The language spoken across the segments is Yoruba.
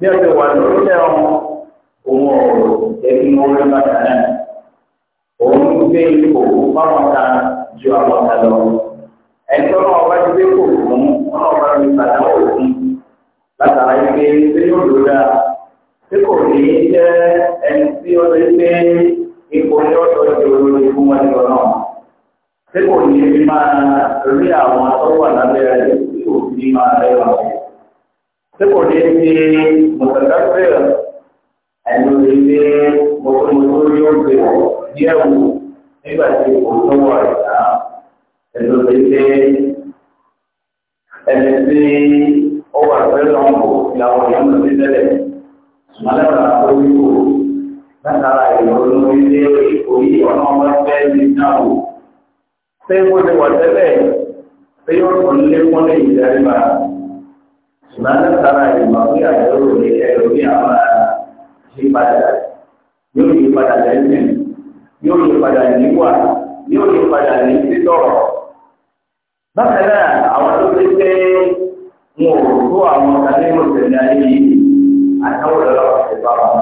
bí ọjọ́ wà lórílẹ̀ ọ̀hún òun ọ̀rọ̀ ẹ̀mí orí bàtà náà òun gbé ipò pàmòta ju àpọ̀ta lọ ẹ̀tọ́ náà wá ti gbé kò fún wọn bá mi bàtà wò fún látara ike tí yóò lò dá tí kò ní í jẹ́ ẹni tí ó lè gbé ipò ní ọ̀dọ̀ ti olórí fún wọn jọ náà tí kò ní í máa rí àwọn tó wà tí kò ní máa rẹwà fún tí kò ní ṣe mọ̀tàkàfẹ́ àìlò ilé mọ̀tòmọ̀tò yóò gbé díẹ̀ wò nígbà tí kò tọ́wọ́ àìsà ẹ̀lò ilé ẹni tí ó wà pẹ́lú ọ̀pọ̀ ìlàwọ̀ ìyọ́nà sí tẹ́lẹ̀ mọ́lẹ́wà lórí kò látara ìrònú ilé orí ọ̀nà ọmọ ẹgbẹ́ ní náà ṣé kó ti wà tẹ́lẹ̀ pé yóò tún lé fún ilé ìjẹ́rìí ṣùgbọ́n látara ìmọ̀ pé àjọrò lè ẹlòmí àwọn àṣípadà yóò yí padà lẹ́sìn yóò yí padà níwà yóò yí padà ní títọ̀rọ̀. bákan náà àwọn tó ti pé wọn ò tó àwọn ọ̀gáni mọ̀tẹ́lẹ̀ ayé yìí àtàwọn ọ̀dọ́ ti bá wọn.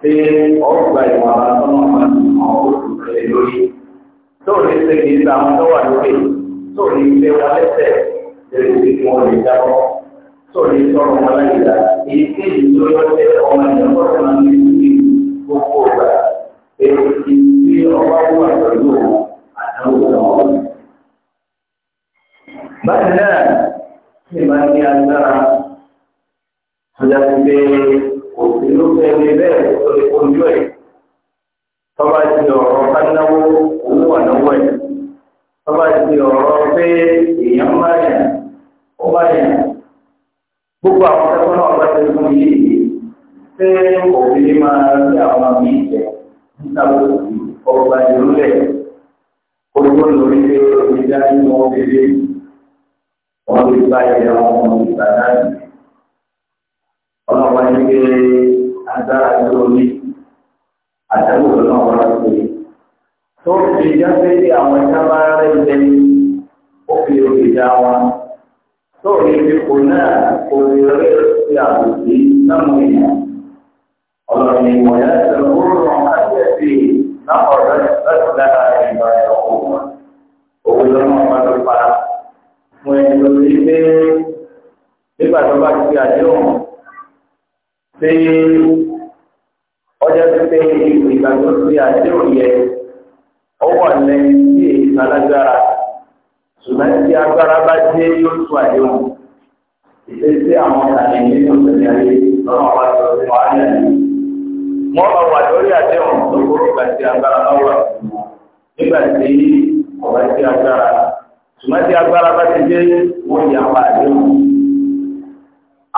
pé ọgbà ìwà àtọ́nà wọn àwọn olùkọ́lẹ̀ lórí tó ní ṣe kì í sa àwọn tó wà lókè tó ní ṣe wọn lẹ́sẹ̀ tẹ̀lé tí wọ́n lè jábọ́ tó lè sọ̀rọ̀ wọn láyé la èyí tí èyí tó yọ jẹ́ ọmọ ìyá lọ́sẹ̀ máa ń bí gbogbo ọgbà èrò ti fi ọba wà pẹ̀lú àdáwò náà. báyìí náà ṣì máa ń ní agbára ọjà ti gbé òṣèlú fẹ́ẹ́ bẹ́ẹ̀ tó lè kojú ẹ̀ tọ́ba ti ọ̀rọ̀ kánáwó owó àdáwò ẹ̀ tọ́ba ti ọ̀rọ̀ pé èèyàn má ọba yẹn gbogbo àwọn akẹ́kọ̀ọ́ náà bá tẹ̀lé fún ilé yìí ṣé òfin máa rí àwọn àmì ìjẹ nígbàgbọ́ ọba ìrúlẹ̀ olùkọ́ lórí pé omi dání wọn bèbè wọn lè bá ilẹ̀ wọn wọn lè bá dání ọlọ́wọ́ ní pé agbára tó ní àtẹ̀wò lọ́wọ́ wọn pé tó fi jáde àwọn ìjábára rẹ̀ lẹ́yìn ó fi òkè já wọn tó o lè fi kò náà kò lè rí sí àbòsí náà èèyàn. ọlọ́run ìwọ̀n yẹn ti ń rọrùn àti ẹ̀bí náà ọ̀rẹ́ láti dára ìgbà ẹ̀kọ́ wọn. òun ló máa bá ló pa fún ẹni tó ti pé nígbà tó bá ti àdéhùn pé ọjọ́ ti pé ìgbà tó ti àdéhùn yẹ ó lẹ́yìn sí ìsalágbára. ṣùgbọ́n tí agbára bá dé yóò tún àdéhùn ìṣesí àwọn ìlànà nínú ìṣẹ̀lẹ̀ ayé lọ́nà wà lọ sí wọ́n lọ wà lórí àdéhùn tó kúrò gbà agbára bá wà nígbà tí ọ̀rọ̀ agbára ṣùgbọ́n tí agbára bá ti dé wọ́n yà wà àdéhùn.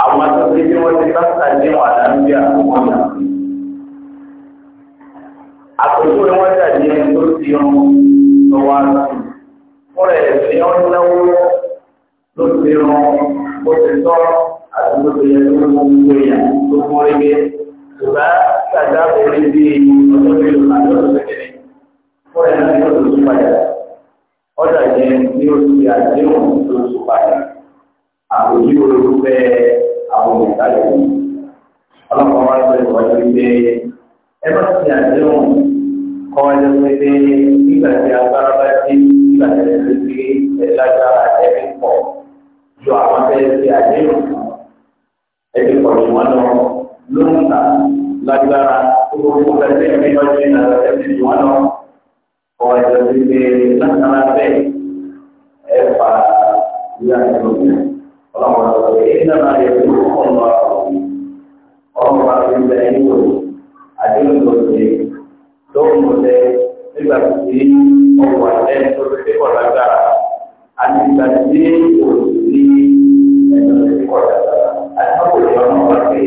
àwọn tí wọ́n ti bá yà ọ̀rẹ́ ẹ̀sìn ọ̀nàwó ló ti bó ti tọ́ àti bó ti yẹ kó mú gbogbo tó mú ege ṣùgbọ́n gbàgbá orí bí ọjọ́ mélòó kan ló lọ sẹ́kẹ̀rẹ̀ ọ̀rẹ́ náà yóò tó tún padà ọjà yẹn ní oṣù àdéhùn tó tún padà àbòjú olùfẹ́ àwọn ìtàlẹ̀ yìí ọlọ́pàá wá sọ ìwádìí pé ẹ bá ti àdéhùn ọmọ ẹjọ́ pé pé nígbà tí agbára bá dé nígbà tí ẹjọ́ pé ẹlágbára ẹbí pọ̀ ju àwọn abẹ́rẹ́ tí àdéhùn ẹbí pọ̀ ju wọn lọ lóńtà lágbára gbogbo ẹgbẹ́ mi lọ́jọ́ ìlànà ẹbí ju wọn lọ ọmọ ẹjọ́ pé pé látara bẹ́ẹ̀ ẹ fà ìyá ìlú ọlọ́mọ ọ̀rọ̀ èyí náà yẹ kó ọ̀nà ọ̀rọ̀ ọ̀rọ̀ àti ìgbà ẹ̀yìn wò àdéhùn lọ́sẹ̀ ìmọ̀lẹ́ nígbà tí ọ̀pọ̀ àlẹ́ tó fi dé pọ̀ lágbára àti ìgbà tí òòlù ní ẹ̀yọ́ tó fi pọ̀ lágbára àti ọ̀pọ̀ ìyá ọmọ wa pé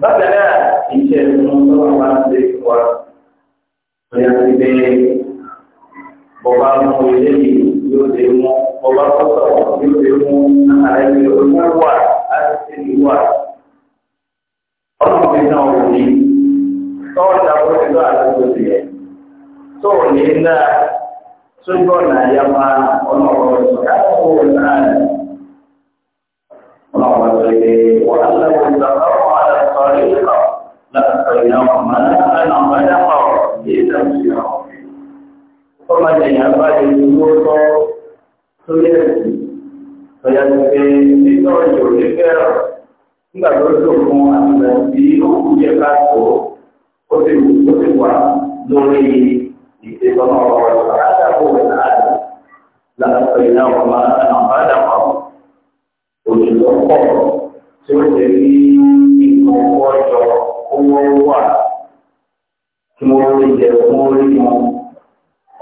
bákan náà iṣẹ́ ìmú tó wà máa ń ṣe fún wa lóyà sí pé bọ́bá mú ilé yìí yóò lè mú bọ́bá tó sọ̀rọ̀ yóò lè mú àlẹ́ yóò lè mú wà láti ṣe ìwà ọlọ́run fi náà wò ní tọ́ọ̀tà pẹ̀lú àdúgbò tiẹ̀ tó ò ná sójú ọ̀nà àyàmá ọ̀nà ọ̀rọ̀ ìsọ̀ká kó o ó kú yẹ ká tó ó sì ó sì wà lórí ìṣèjọba ọ̀rọ̀ ọ̀rọ̀ àdàbò ìlànà lásìkò iná ọ̀rọ̀ àbádàpọ̀ òṣìṣẹ́ pọ̀ tí ó lè rí nǹkan ọjọ́ owó wà kí wọ́n rí jẹ fún orí wọn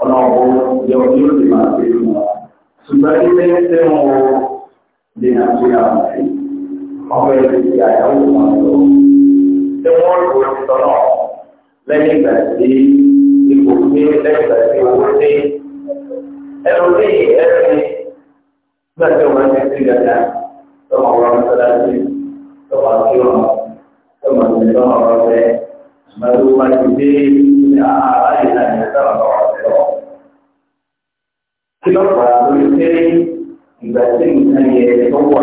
ọ̀nà ọ̀gbọ́n yẹ kí ó sì máa fi wọn. ṣùgbọ́n ilé iṣẹ́ wọn ò dènà sí àwọn ìyá ìyàwó wọn lọ. lẹ́yìn ìgbà tí ipò gbé lẹ́yìn ìgbà tí owó dé ẹnu dé ẹsẹ̀ nígbà tí ọmọ ẹsẹ̀ ti gàdá tọmọ ọ̀rọ̀ mọ́sálásí tọmọ akíwọn tọmọ ẹsẹ̀ tọmọ ọ̀rọ̀ ọ̀fẹ́ àmàlú ti dé ní àárẹ̀ náà ní ọ̀rọ̀ ọ̀fẹ́ lọ. kí ló lórí pé ìgbà tí nǹkan yẹ tó wà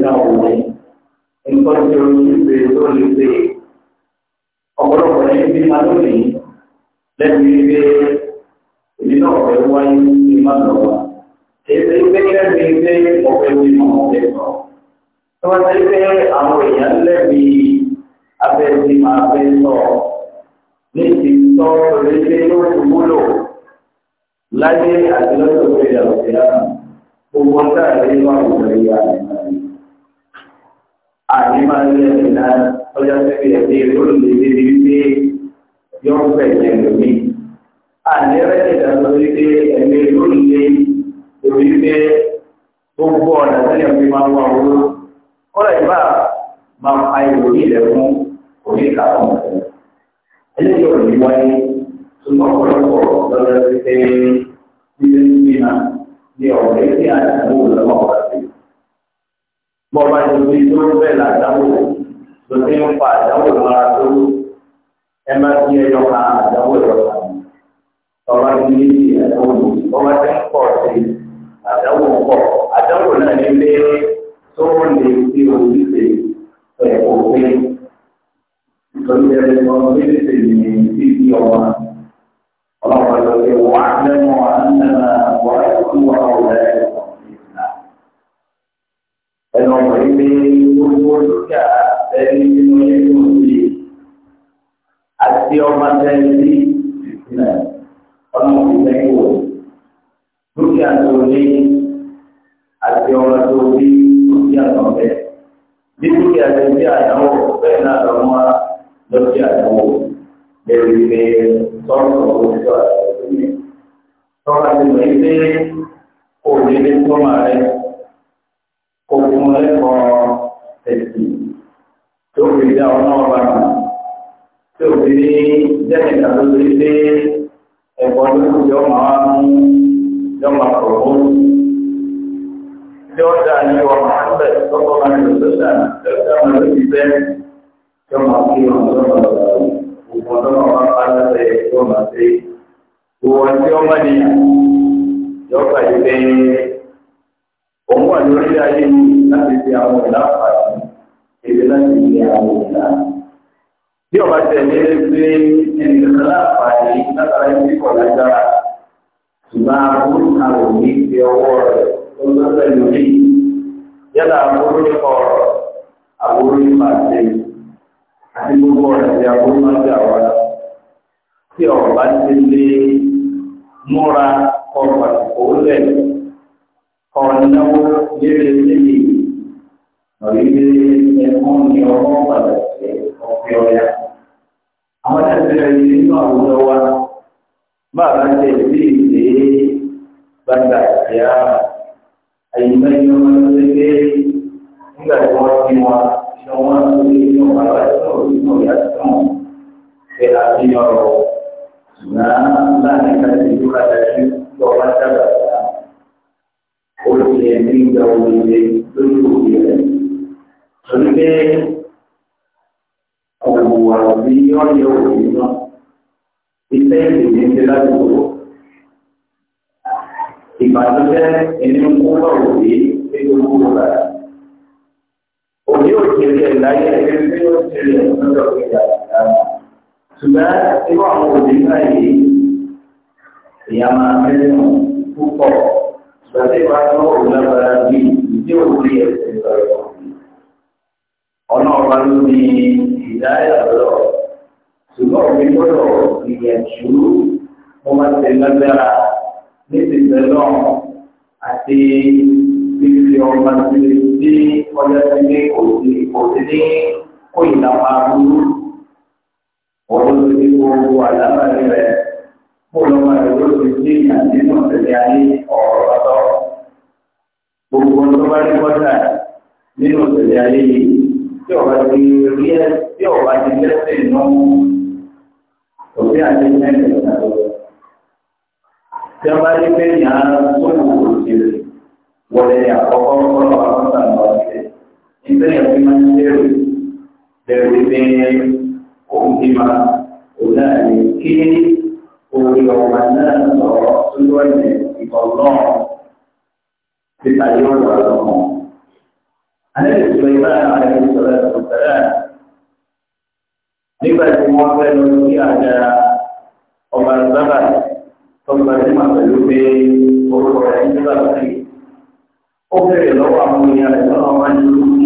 nǹkan òwe nǹkan tí o ti ṣe tó lè ṣe ọ̀pọ̀lọpọ̀ ẹni bí ma lónìí lẹ́nu ilé ìdí náà ọ̀rẹ́ wáyé ní màlúwà èdè ilé lẹ́nu ilé ọ̀fẹ́ ní ọ̀fẹ́ sọ. tí wọ́n ti pé àwọn èèyàn lẹ́bi abẹ́ ti máa fẹ́ sọ ní ti sọ oríṣi yóò àyíká ilé ẹ̀sìn náà ọjà tẹ́lẹ̀ ẹ̀sìn rẹ̀ ó lè dé ibi pé yọ̀ ń fẹ̀ jẹ̀ lómi. Àní rẹ̀ ìdájọ́ wípé ẹ̀mí ó lè torí pé gbogbo ọ̀nà tẹ́lẹ̀ fi máa wá owó. Kọ́lá ìbá máa fa ìròyìn ilẹ̀ fún òní ìkàkùn. Ẹlẹ́yìn ò ní wáyé ṣùgbọ́n ọ̀pọ̀lọpọ̀ lọ́dọ̀ wípé ní ọ̀rẹ́ sí àdánwò lọ́wọ́ bọ́ bá ti fi tó bẹ́ẹ̀ làdáwò tó ti ń fa àdáwò lọ́ra tó ẹ má fi ẹyọ ka àdáwò ẹ̀rọ kà ní. ọba ti ní ti àdáwò lò ọba ti ń pọ̀ sí àdáwò pọ̀ àdáwò náà ní pé tó lè fi ojúṣe ẹ̀ kò pé ìtọ́jú ẹni kan ojúṣe ní fífi ọmọ ọlọ́pàá lọ sí wàá lẹ́nu àná náà. kompetensi nah orang kita itu dunia ini ada orang tuh dunia sampai di dunia ini ada orang pernah semua dunia itu dari sorot sorot ini sorot ini máa ń yọ máa kọ̀ ó. Ilé ọjà ni wà máa ń bẹ̀ tọ́kọ̀ máa ń lò sọ́jà ẹ̀ka máa lò sí bẹ́ẹ̀ yọ máa kí wọn lọ́wọ́ gbogbo ọlọ́wọ́ máa bá lọ́sẹ̀ yọ máa ṣe. Gbogbo ọtí ọmọ ni yọ pàdé bẹ́ẹ̀ òun wà lórí ayé láti fi àwọn ìlà pàdé èdè láti fi àwọn ìlà bí ọba tẹ̀lé pé ẹnìkan láǹfààní látara ẹni tí kò ṣùgbọ́n aburú kan ò ní fi ọwọ́ rẹ̀ tó lọ́sẹ̀ lórí yálà aburú nípa ọ̀rọ̀ àti gbogbo ọ̀rẹ́ tí ọ̀rọ̀ bá ti lé múra lẹ̀ léèrè léèrè ẹ̀kọ́ ọwọ́ ọ̀fẹ́ ọ̀yà. àwọn rẹ̀ yìí nínú àwùjọ wa bá a bá gbangba ìyá àyíká inú wọn ló ṣe pé nígbà tí wọ́n ti wọn inú wọn ló ṣe inú bàbá tí wọn ò nínú ìyá tí wọn ṣe àfihàn ọ̀rọ̀ ṣùgbọ́n láàrin ká ti dúró adájú tó ọba dábàá sá ó ṣe ní ìgbà òwúrọ̀ lórí òbí rẹ̀ torí pé ọ̀gbọ̀n wà ní ọ̀yọ́ òbí náà iṣẹ́ ìgbìyànjú láti wọ̀ ìbànújẹ́ ẹni ń kó bá òbí ní gbogbo rẹ̀. Òbí ò jèrè láyé ẹgbẹ́ tí ó jèrè lọ́dọ̀ ìyá ìyá. Ṣùgbọ́n irú àwọn òbí báyìí, ìyá máa mẹ́rin púpọ̀. Ṣùgbọ́n tí ìwà tó wọ̀ lábára bí ìdí òbí ẹ̀sìn sọ̀rọ̀. Ọ̀nà ọba ló ní ìdáyà lọ. Ṣùgbọ́n òbí gbọ́dọ̀ ìyẹ̀jú mo máa tẹ̀lé lágbára níbi ìbẹ̀lọ́ àti fífi ọba sílẹ̀ sí ọjọ́ sílẹ̀ òsì òsì ní kó ìlànà àbúrú ọdún tó ti gbogbo àdámà rẹ̀ kó lọ́wọ́ rẹ̀ ló ti sí àti inú ìṣẹ̀lẹ̀ ayé ọ̀rọ̀ lọ́tọ̀. Gbogbo tó bá rí kọjá nínú ìṣẹ̀lẹ̀ ayé yìí tí ọba ti rí ẹ tí ọba ti lẹ́sẹ̀ náà òbí àti ẹgbẹ̀rún àti ọ̀rọ̀ tí wọ́n bá dé pé yàn án tó wù kò sí rẹ̀ wọlé àkọ́kọ́ kọ́lọ́ àkọ́kọ́ àgbà ọ̀sẹ̀ nígbà yẹn fi máa ń lérò lérò pé òun ti máa òun náà ní kí orí ọmọ náà sọ̀rọ̀ tó lọ́ọ̀lẹ̀ ìkọ̀ọ̀lọ́ títa yóò wà lọ́mọ. Alẹ́ ìṣòro ìbára àwọn ìṣòro ẹ̀sùn tẹ̀lé nígbà tí wọ́n fẹ́ lọ sí àjà ọba sábà tọ́gbà ní ma pẹ̀lú pé orúkọ rẹ̀ ń gbà sí ó bèrè lọ́wọ́ àwọn èèyàn rẹ̀ lọ́wọ́ máa ń lù ú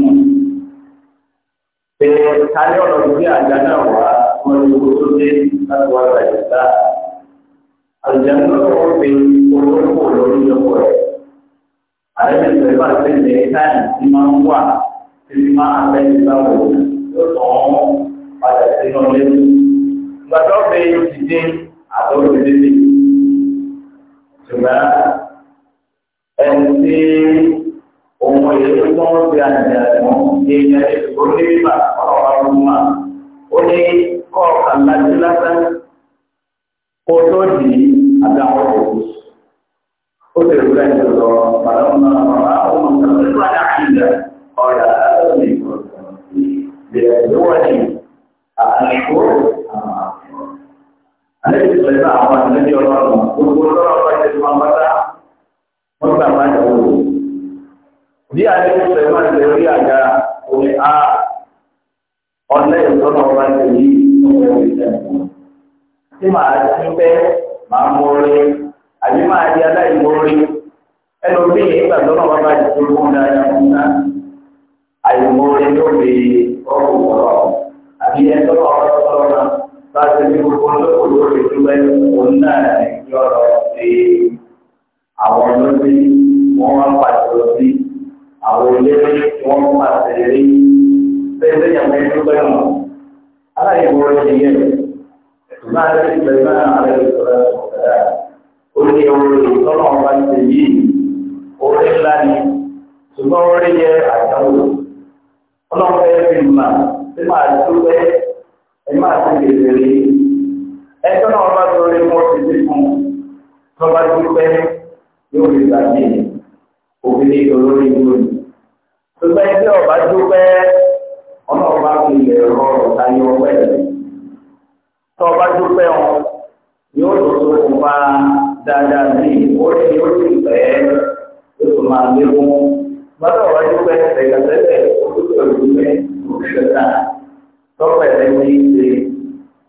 pé táyé ọ̀rọ̀ ìgbé àga náà wá wọn ní owó tó dé láti wá ra ìgbà àlùjáde lọ́wọ́ wọn pe olórúkọ lórí ọkọ rẹ̀ àrẹ́bẹ̀ pẹ̀lú àtẹ̀lẹ̀ táyà tí máa ń wà tí máa ń bẹ́ẹ̀ nígbà wò yóò tọ̀ ọ́ padà sínú ọlẹ́nu gbàdọ́ bẹ́ẹ̀ ti dé àtọ́rọ̀ ṣùgbọ́n ẹni tí ohun èlò tó ń fi àjẹ àtìmọ́ èèyàn ìṣòro ní bíbà ọ̀rọ̀ ọ̀rọ̀ mà ó ní kọ́ àlájú lásán kó tó dì í àti àwọn òkú. Ó lè rú ẹni lọ pàdánù náà ọ̀rọ̀ àwọn ọmọ ìgbà náà àìjẹ ọ̀rọ̀ àwọn ìgbà bẹ̀rẹ̀ lọ́wọ́dì àṣọ àwọn àṣọ. Àlejò pẹ̀lú àwọn àlejò ọlọ́run gbogbo lọ́rọ̀ ẹ̀ tó máa bá dá wọ́n gbà máa dà wọ́n. ń a ọ̀lẹ́ ìtọ́nà ọba ti rí ọ̀rẹ́ orí ẹ̀kọ́. Tí màá ti bẹ́ màá mú orí àbí máa di aláìmọ́ orí ẹlòmíì ìgbà tó náà wọ́n bá ti fún dáadáa fún náà. bí ọba dúpẹ́ ọlọ́run bá fi ilẹ̀ rọrùn táyé ọpẹ́ rẹ̀ tó ọba dúpẹ́ wọn yóò tó tó kún bá dáadáa sí orí ni ó sì fẹ́ ó sì máa lé wọn bàtà ọba dúpẹ́ tẹ̀gàtẹ̀gẹ̀ ó tó tó dúpẹ́ òṣèlú tọ́pẹ́ rẹ̀ ní í ṣe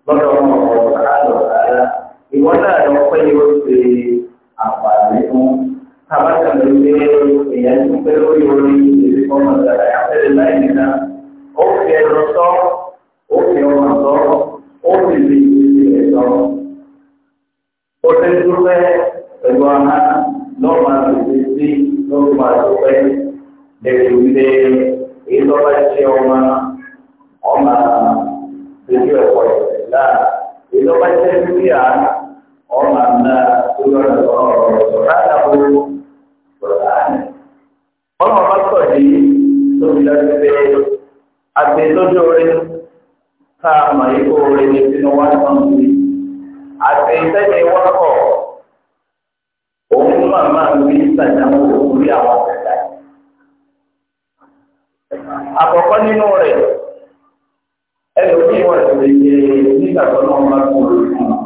lọ́dọ̀ ọmọ ọ̀rọ̀ àlọ́ àlá ìwọ náà lọ pé yóò ṣe àǹfààní fún tàbátà lórí èèyàn tó lórí orí ìṣe ọmọ ìgbàlá yàtẹ̀lẹ̀ láì nìta ó fi ẹ̀rọ sọ ó fi ọmọ sọ ó fi lè fi ẹ̀ sọ. ó ti dúpẹ́ pẹ̀lú àná lọ́ọ̀mà lòdì sí lọ́ọ̀mà dúpẹ́ lẹ́yìn wípé èyí tó bá ṣe ọmọ ọmọ lójú ẹ̀kọ́ ìlà èyí tó dúkìá ọmọ àná tó lọ́ọ̀rọ̀ sọ̀rọ̀ sọ̀rọ̀ àdàbò sọ̀rọ̀ àná. ọlọ́run bá sọ̀rọ̀ yìí tóbi láti fẹ́ àgbẹ̀ lọ́jọ́ rẹ̀ ká àmọ̀ ikú rẹ̀ ní sínú wá náà ń bí. Àti ìtẹ́jẹ̀ wọ́n kọ̀ òun máa máa ń rí sàdáwò orí àwọn ọ̀gá. Àkọ́kọ́ nínú rẹ̀ ẹlòmíì wọ́n ti lè ṣe nígbà tó náà máa kú lórí ọ̀nà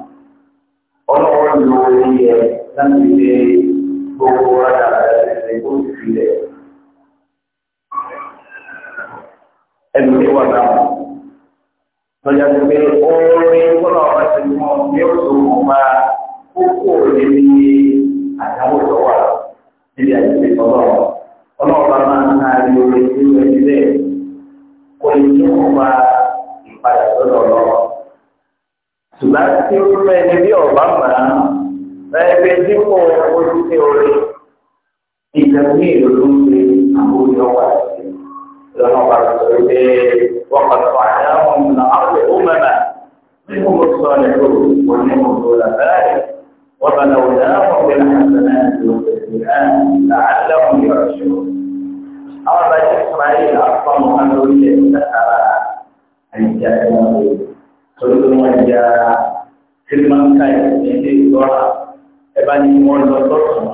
wọn lò láti ṣe ẹnu ní wà náà lọ́jà tó pé orin kọ́nà ọ̀rọ̀ ti mọ ní oṣù ọba kókó níbi àdáwò tó wà níbi àyẹ̀wò ìfọ̀lọ́ ọlọ́ọ̀bá máa ń kárí orin tí ó ẹni bẹ́ẹ̀ kò ní kí wọ́n bá ìpadà lọ́dọ̀ lọ. ṣùgbọ́n tí ó rú ẹni bí ọ̀bá máa ẹgbẹ́ dípò oṣù tí orin ìtẹ̀wé ìlú ń pe àwọn orin ọ̀wà وقد رعناهم من أرض أمما منهم الصالحون ومنهم الظلماء وبلوناهم بالحسنات والسيئات لعلهم يرشدون أما بني إسرائيل أصلا أن يريد أن جاءوا تريد أن جاء في المنكة في الدورة ẹ̀bá ni wọ́n lọ sọ́tún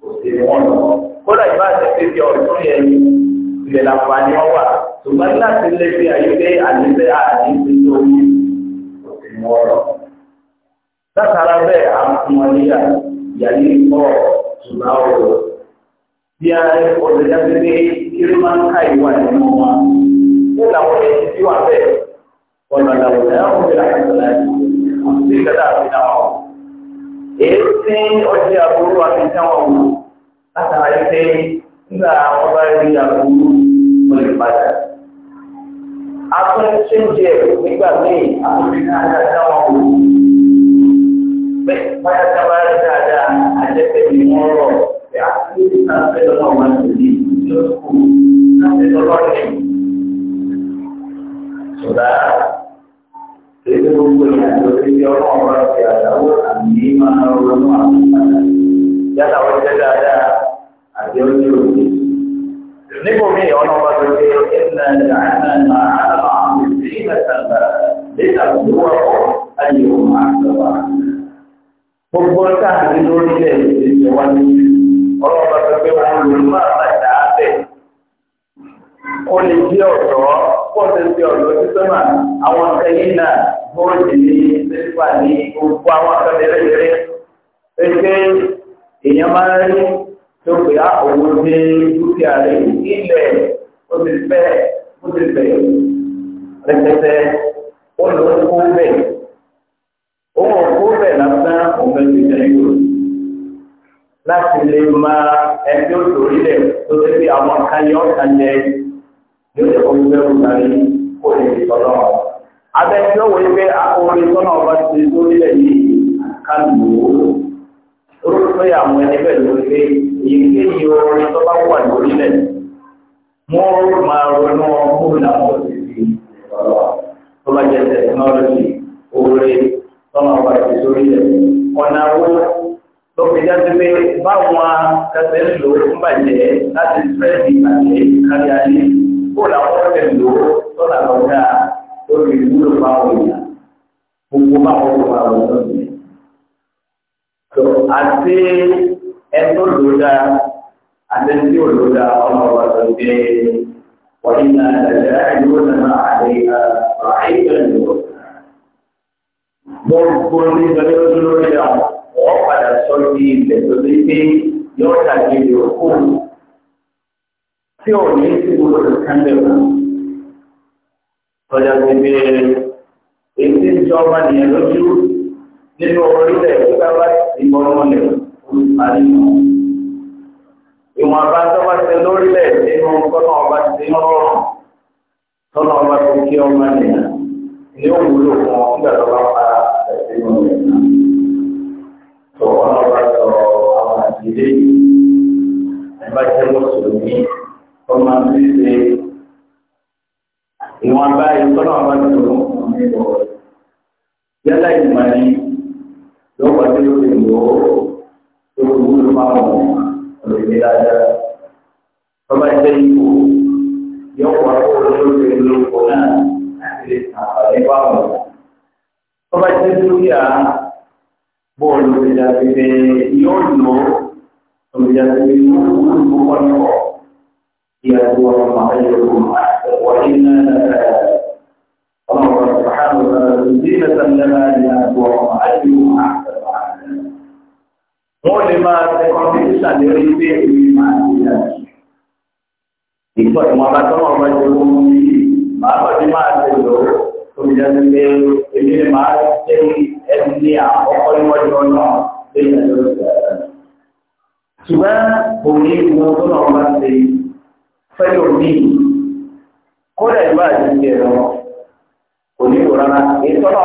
kò sí wọ́n ilẹ̀ làǹfààní wọn wà ṣùgbọ́n nígbà tí ilé fi àyè pé àdébẹ́ àdébẹ́ tó ní òsì mú ọ̀rọ̀. látara bẹ́ẹ̀ àmọ́níyà yàrá ìkọ́ ṣùgbọ́n ọ̀rọ̀ bí a ọ̀dọ̀ jáde pé kiri máa ń ká ìwà nínú wọn. ó làwọn èyí tí wà bẹ́ẹ̀ ọ̀nà làwọn ẹ̀yà kò fi làkàtà láti kò sí àti náà. èyí tí ọjọ́ nígbà àwọn bá rí àbúrú mo lè padà. Afẹ́ṣẹ́ jẹ nígbà míì àbúrú náà dáwọn wò. Bẹ́ẹ̀ báyà dábàá rẹ̀ dáadáa, àjẹpẹ́ mi wọ́n rọ̀. Bí àbúrú náà fẹ́ lọ́wọ́ wọn sì ní yóò kú náà fẹ́ lọ́wọ́ rẹ̀. Sọ̀dá ètò gbogbo ìrìnàjò tí bí ọlọ́run bá fi àdáwó àmì máa ronú àmì padà. Yálà wọ́n jẹ́ dáadáa àti ojú òní. Níbo mi ọ̀nà ọba tó ṣe ẹ̀nà ìdáná náà àlọ́ àwọn ìdílé mẹ́tàlá lẹ́tà tó wà pọ̀ ayé òun àgbà. Gbogbo káàkiri lórí ilẹ̀ ìṣẹ̀ṣẹ̀ wá ní ọ̀nà ọba tó ṣe wọn lò má bàtà bẹ̀. Ó lè jẹ́ ọ̀dọ́ pọ̀sẹ̀ sí ọ̀dọ́ sísọ́mà àwọn akẹ́yìn náà bọ́ọ̀dì ní sílífà ní gbogbo àwọn akẹ́yìn rẹ̀ rẹ̀. Pé pé èèyàn máa ń rí tó pé á owó dé dúkìá rẹ̀ ilẹ̀ ó ti fẹ́ ó ti fẹ́ rẹpẹtẹ ó lọ kó bẹ̀ òun ò kó bẹ̀ lásán òun bẹ̀ ti tẹ̀ yóò láti lè máa ẹgbẹ́ òṣòrí rẹ̀ tó ti fi àwọn àkànyẹ ọ̀kan jẹ yóò jẹ́ kó gbẹ́ òun lárí kó lè sọ̀rọ̀ abẹ́ tí ó wọlé pé akọ̀wé sọ́nà ọba ti lórílẹ̀ yìí kálù wò ó orúkọ àwọn ẹni bẹ́ẹ̀ ló pé èyíkéyìí orin tó bá wà lórílẹ̀ wọ́n máa ronú ọkùnrin àwọn òṣìṣẹ́ ọ̀rọ̀ tó bá jẹ́ tẹkinọ́lọ́jì oore tọ́nà ọba ti sórí rẹ̀ ọ̀nà owó ló fi jáde pé báwọn kẹsẹ̀ ń lò ó bàjẹ́ láti fẹ́ẹ̀dì ìbàjẹ́ kárí ayé kó làwọn ọ̀rẹ́ lò ó tọ́nà lọ́jà lórí ìwúlò fáwọn èèyàn gbogbo báwọn ọkọ̀ àwọn ọ̀rẹ́ tó àti ẹtọ́ lòdà àti tí ò lòdà ọmọ wa ló dé wọ́n iná ẹ̀jẹ̀ ìlú náà àti àìsàn ìlú. Gbogbo ní ìdọ́lẹ́ ojú lórí àwọn wọ́n padà sọ di ilẹ̀ tó dé pé yóò dàbí ìyókù tí ò ní sí gbogbo kánbẹ̀rù. Tọ́jà ti bèèrè èyí tí ìjọba nìyẹn lójú nínú orílẹ̀ ìgbà ìgbọ́nmọ́lẹ̀ àdínú. Ìwọ̀n bá tọ́wọ́ ṣe lórílẹ̀ nínú kọ́nà ọba ti ń rọrùn tọ́nà ọba tó kí ọmọ nìyà ni ó wúlò fún ọ nígbà tó bá pa ẹ̀sìn ìwọ̀n rẹ̀ náà. Tó ọ̀nà ọba sọ̀rọ̀ àwọn àdìlé ẹ̀bá jẹ́ mùsùlùmí ọmọ àti ṣe ìwọ̀n bá ìtọ́nà ọba tó lọ́wọ́ yálà ìmọ̀ ni lọ́wọ́ tí ó lè lò ó tó kú ló máa wọ̀ òṣèlú dáadáa. Bọ́lá ìgbẹ́ ìkó yọ wà ó lóṣèlú lóko náà láti lè sàǹfààní wà wọ̀. Bọ́lá ìgbẹ́ dúkìá bọ́ọ̀lù ìdàgbẹ́ yóò lò ó ìdàgbẹ́ yóò wúlò púpọ̀ náà. يهدو محيكم وإنا الله سبحانه وتعالى زينة لنا ليهدو محيكم أحسن wọ́n lè máa tẹ kọ́mpútà lórí pé èmi máa ń ṣe àti. Ìgbọ́ ìwọ̀n bá tọ́wọ́ ọmọ ẹgbẹ́ owó ní màá bọ̀ ní máa ṣe lò ó. Omi jẹ́ ti pé èmi lè máa ṣe ẹni ní àkọ́kọ́ níwájú ọ̀nà lẹ́yìn ẹ̀rọ ìgbàlá. Ṣùgbọ́n òní ìwọ̀n tó náà bá ṣe fẹ́lẹ̀ òní kódà ìwà àti ìṣẹ̀ lọ kò ní ìwòrán náà. Èyí tọ́lá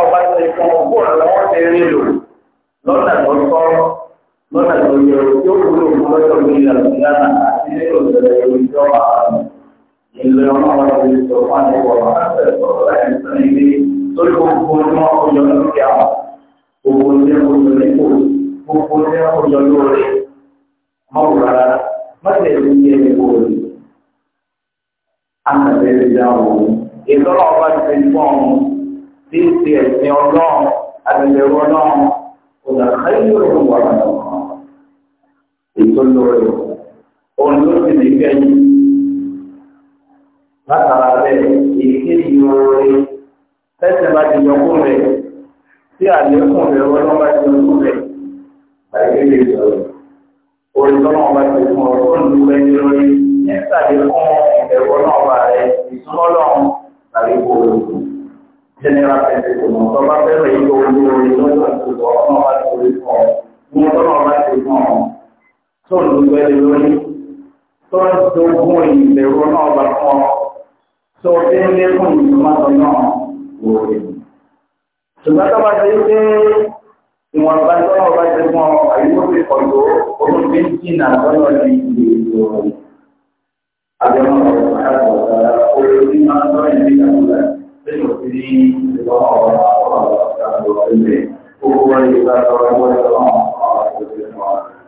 lọ́nà tó yẹ o yóò wúlò fún lọ́jọ́ ìlú àlùfíàná àti nínú ìṣẹ̀lẹ̀ ìjọ àrùn ìlú ọmọ ọ̀rọ̀ ìlú tó wà ní ìwọ̀n àti ẹ̀sọ̀rọ̀ láì sọ níbi lórí gbogbo ní wọn kó yọ lórí àwọn gbogbo ní wọn kó yọ nípò gbogbo ní wọn kó yọ lórí mọ́wù rárá mọ́tẹ̀ ìlú yẹ nípò rẹ̀ àtàlẹ́ lè dá o ìtọ́lọ́ ọba ti fi fún ọ bí ti ẹ̀sìn ọlọ́run àtẹ̀lẹ́wọ́ náà kò dà káyọ̀ ìwọ̀n wà lọ́wọ́ ètò lórí òun ló sì ní kẹ́yìn. Látara rẹ̀ èké ìrore tẹ́sẹ̀ bá ti yọ kó rẹ̀ tí àlékún rẹ̀ ọlọ́run bá ti yọ kó rẹ̀ láìpẹ́ lè sọ̀rọ̀. Orin tọ́lọ́ ọba ti fún ọ tó ń lu ẹni lórí ní sàlékún ìbẹ̀rù ọlọ́ọ̀ba rẹ̀ ìsúná lọ́run tàbí kó o lò. Jẹ́nẹ́ra pẹ̀lú ìgbìmọ̀ tó bá fẹ́ràn ìgbà olóore lọ́jọ́ ìgbìmọ̀ ọlọ́ọ̀ba ti fún ọ. Ní ọlọ́ọ̀ba ti fún ọ tó ń lu lórí tó ń dogun ìbẹ̀rù náà bá fún tó fi ń lékún ìgbìmọ̀ náà wò ó. ṣùgbọ́n tó bá ti pé ìwọ̀n bá tó náà bá ti fún àyíkó fi kọ̀ tó omi fi ń jìnnà lọ́nà ní ìlú ìlú. Àjọyọ̀ ọ̀rọ̀ àti ọ̀rọ̀ orí ní máa ń tọ́ ìdí ìdàgbàsókè lẹ́yìn ní ìgbà ọ̀rọ̀ àwọn ọ̀rọ̀ àti ọ̀rọ̀ ilé. Gbogbo wọn yóò bá tọrọ ẹgbẹ́ ọ̀rọ̀ àwọn ọ̀rọ̀ àti ọ̀rọ̀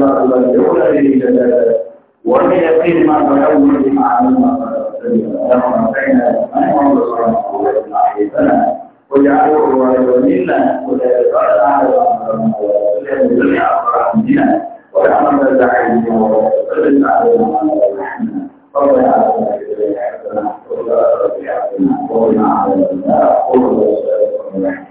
ما تبدعون به جدالا ومن يقين ما تدعون به معلومة وجعله الوارث منا ولا يزال على الأمر الدنيا أمرنا ويعمل الداعي ويصلي على الرحمن صلى على النبي حسنة ولا ربي حسنة وقنا على النار قل وسلم